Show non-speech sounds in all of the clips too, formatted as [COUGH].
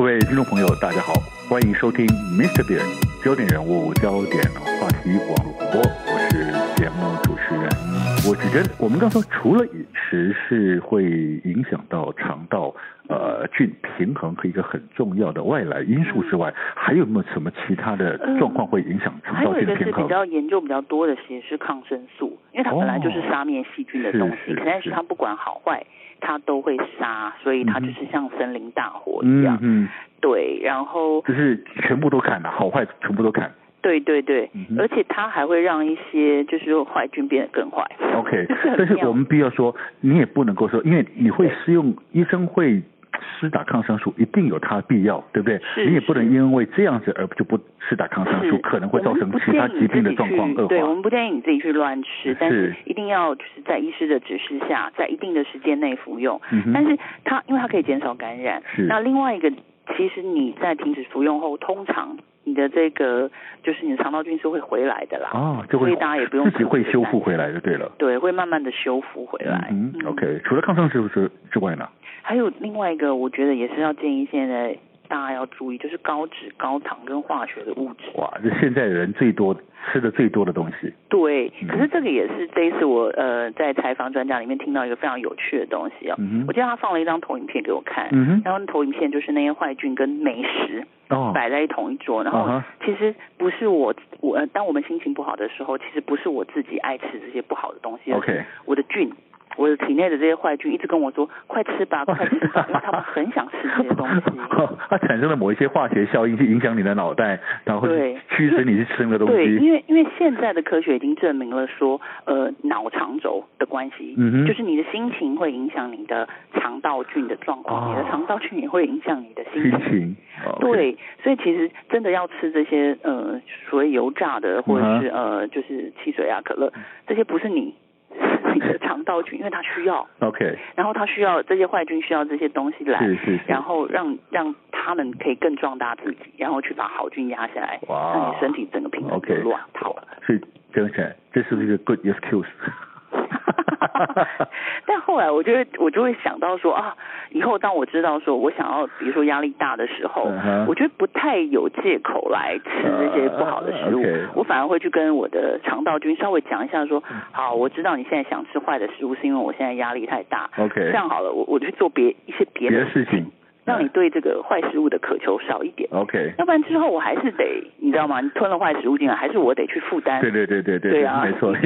各位聽眾朋友，大家好，歡迎收聽 Mr. Big《焦點人物》《焦點話題》網絡廣播，我是節目主持人。我覺得，我們剛才除了飲食是會影響到腸道。平衡和一個很重要的外來因素之外，嗯、還有沒有什麼其他的狀況會影響腸道菌平衡？嗯、還有一個是比較嚴重比較多的，其實是抗生素，因為它本來就是殺滅細菌的東西。哦是是是，但是它不管好壞，它都會殺，嗯，所以它就是像森林大火一樣。嗯，對。然後就是全部都砍了，好壞全部都砍。對對對，對，嗯，而且它還會讓一些就是壞菌變得更壞。OK，是但是我們必要說，你也不能夠說，因為你會使用醫生會。施打抗生素一定有它必要，對不對？你也不能因為這樣子而不就不施打抗生素，可能會造成其他疾病的狀況。對，我們不建議你自己去亂吃，但是一定要就是在醫師的指示下，在一定的時間內服用。是。但是它因為它可以減少感染。那另外一個，其實你在停止服用後，通常。你的這個就是你的腸道菌是會回來的啦，啊、哦，就會所以大家也不用自己會修復回來就對了，對，會慢慢的修復回來。嗯，嗯，嗯，OK，除了抗生素之之外呢，還有另外一個，我覺得也是要建議現在。大家要注意，就是高脂、高糖跟化學的物質。哇，這現在人最多吃的最多的東西。對，可是這個也是、嗯、這一次我呃在採訪專家裡面聽到一個非常有趣的東西哦。嗯。我叫他放了一張投影片給我看。嗯，然後投影片就是那些壞菌跟美食擺在一同一桌，哦，然後其實不是我我、呃、當我們心情不好的時候，其實不是我自己愛吃這些不好的東西。OK、嗯。就是、我的菌。我的體內的這些壞菌一直跟我說：“快吃吧，快吃吧！” [LAUGHS] 因為他們很想吃這些東西 [LAUGHS] 、哦。它產生了某一些化學效應去影響你的腦袋，對然後驅使你去吃那個東西。對，因為因為現在的科學已經證明了說，呃，腦腸軸的關係、嗯，就是你的心情會影響你的腸道菌的狀況，哦、你的腸道菌也會影響你的心情。心情對、okay，所以其實真的要吃這些呃所謂油炸的或者是、嗯、呃就是汽水啊可樂這些不是你。你的腸道菌，因為它需要，OK，然後它需要這些壞菌需要這些東西來，是是是，然後讓讓他們可以更壯大自己，然後去把好菌壓下來，哇、wow.，讓你身體整個平衡亂套了。所以，對先生，這是一個 good excuse 後來我就會，我就會想到說啊，以後當我知道說我想要，比如說，壓力大的時候，uh-huh. 我覺得不太有借口來吃這些不好的食物，uh, okay. 我反而會去跟我的腸道菌稍微講一下說，好，我知道你現在想吃壞的食物是因為我現在壓力太大，okay. 這樣好了，我我去做別一些別、別的事情。讓你對這個壞食物的渴求少一點，OK，要不然之後我還是得，你知道嗎？你吞了壞食物進來，還是我得去負擔？對對對對對，對啊，沒錯，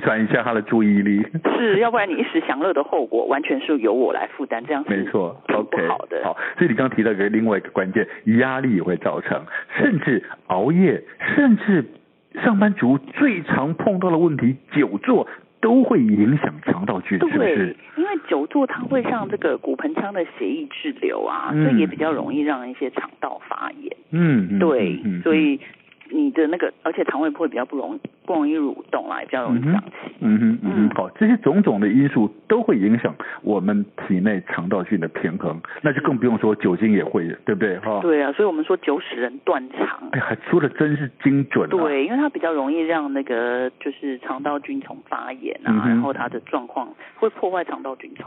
轉移一下他的注意力。是，要不然你一時享樂的後果，完全是由我來負擔。這樣沒錯，OK，好的。好，所以你剛剛提到一個另外一個關鍵，壓力也會造成，甚至熬夜，甚至上班族最常碰到的問題——久坐。都會影響腸道菌群。對，是不是？因為久坐它會像這個骨盆腔的血液滯留啊、嗯，所以也比較容易讓一些腸道發炎。嗯，對，嗯嗯嗯嗯、所以。你的那個，而且腸胃會比較不容易不容易蠕動啦，比較容易脹氣。嗯哼嗯哼，嗯哼，好，這些種種的因素都會影響我們體內腸道菌的平衡，那就更不用說酒精也會，對不對哈、哦。對啊，所以我們說酒使人斷腸。哎呀，說的真是精準、啊。對，因為它比較容易讓那個就是腸道菌叢發炎啊、嗯，然後它的狀況會破壞腸道菌叢。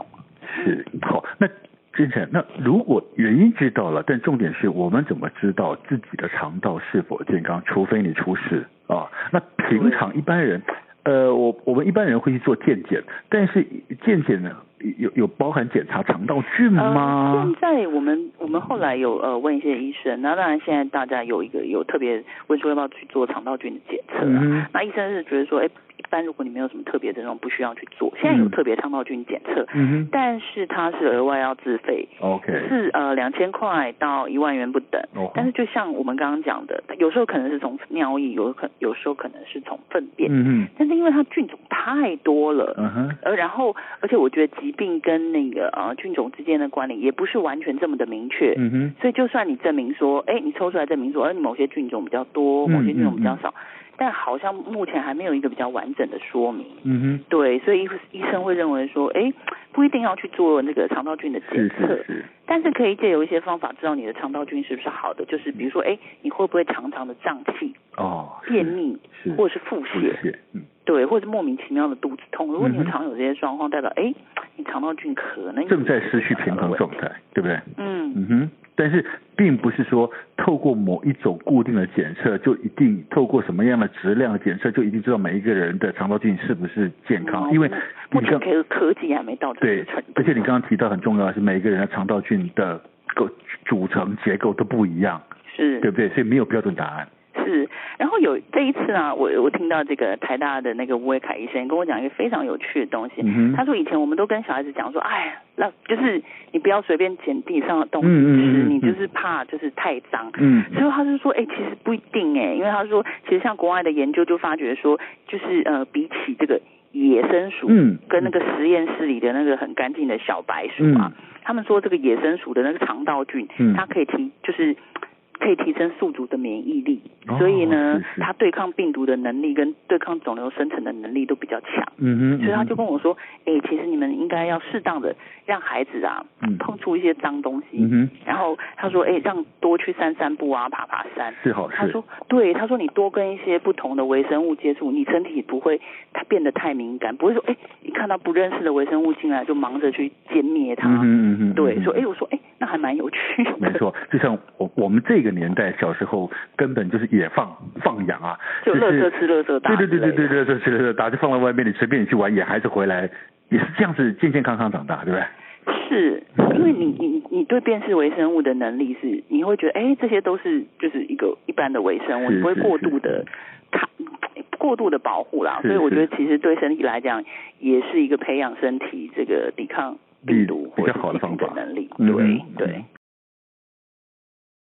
是好，那。正常。那如果原因知道了，但重點是我們怎麼知道自己的腸道是否健康？除非你出事啊、哦。那平常一般人，呃，我我們一般人會去做健檢，但是健檢呢，有有包含檢查腸道菌嗎？呃、現在我們我們後來有呃問一些醫生，那當然現在大家有一個有特別問說要不要去做腸道菌的檢測啊、嗯？那醫生是覺得說，哎。一般如果你沒有什麼特別的那種，不需要去做。現在有特別腸道菌檢測，嗯哼，但是它是額外要自費，OK，是呃兩千塊到一萬元不等。哦、oh.，但是就像我們剛剛講的，有時候可能是從尿液，有可有時候可能是從糞便，嗯，但是因為它菌種太多了，嗯哼，而然後而且我覺得疾病跟那個呃、啊、菌種之間的關聯也不是完全這麼的明確，嗯哼。所以就算你證明說，哎，你抽出來證明說你某些菌種比較多，某些菌種比較少。嗯嗯嗯但好像目前還沒有一個比較完整的說明。嗯哼，對，所以醫生醫生會認為說，哎，不一定要去做那個腸道菌的檢測，是是是，但是可以借由一些方法知道你的腸道菌是不是好的。就是比如說，哎、嗯，你會不會常常的脹氣？哦，便秘，或者是腹瀉，嗯，對，或者莫名其妙的肚子痛。肚子痛嗯、如果你常有，有這些狀況，代表哎，你腸道菌可能正在失去平衡狀態，對不對？嗯，嗯哼，但是。並不是說透過某一種固定的檢測就一定，透過什麼樣的質量的檢測就一定知道每一個人的腸道菌是不是健康，嗯嗯、因為、嗯、你剛目前科技還沒到。對，而且你剛剛提到很重要的是每一個人的腸道菌的構組成結構都不一樣，是對不對？所以沒有標準答案。然後有這一次呢、啊，我我聽到這個台大的那個吳偉凱醫生跟我講一個非常有趣的東西。嗯、他說以前我們都跟小孩子講說，哎，那就是你不要隨便撿地上的東西吃，嗯、你就是怕就是太髒。嗯、所以他就說，哎、欸，其實不一定哎、欸，因為他說其實像國外的研究就發覺說，就是呃比起這個野生鼠跟那個實驗室裡的那個很乾淨的小白鼠嘛、啊嗯，他們說這個野生鼠的那個腸道菌，它可以停就是。可以提升宿主的免疫力，哦、所以呢，它對抗病毒的能力跟對抗腫瘤生成的能力都比較強。嗯嗯。所以他就跟我說，哎、嗯欸，其實你們應該要適當的讓孩子啊，嗯、碰觸一些髒東西。嗯然後他說，哎、欸，讓多去散散步啊，爬爬山。最好是。他說，對，他說你多跟一些不同的微生物接觸，你身體不會它變得太敏感，不會說，哎、欸，一看到不認識的微生物進來就忙着去殲滅它。嗯嗯對，嗯說，哎、欸，我說，哎、欸。那還蠻有趣的，沒錯，就像我我們這個年代小時候根本就是也放放羊啊，就是，就垃圾吃垃圾打，對對對對對對垃圾吃垃圾打就放在外面，你隨便你去玩也還是回來，也是這樣子健健康康長大，對不對？是因爲你你你對辨識微生物的能力是，你會覺得哎、欸，這些都是就是一個一般的微生物，是是是，你不會過度的，過度的保護啦，是是，所以我覺得其實對身體來講也是一個培養身體這個抵抗力度比較好的方法，對對、嗯。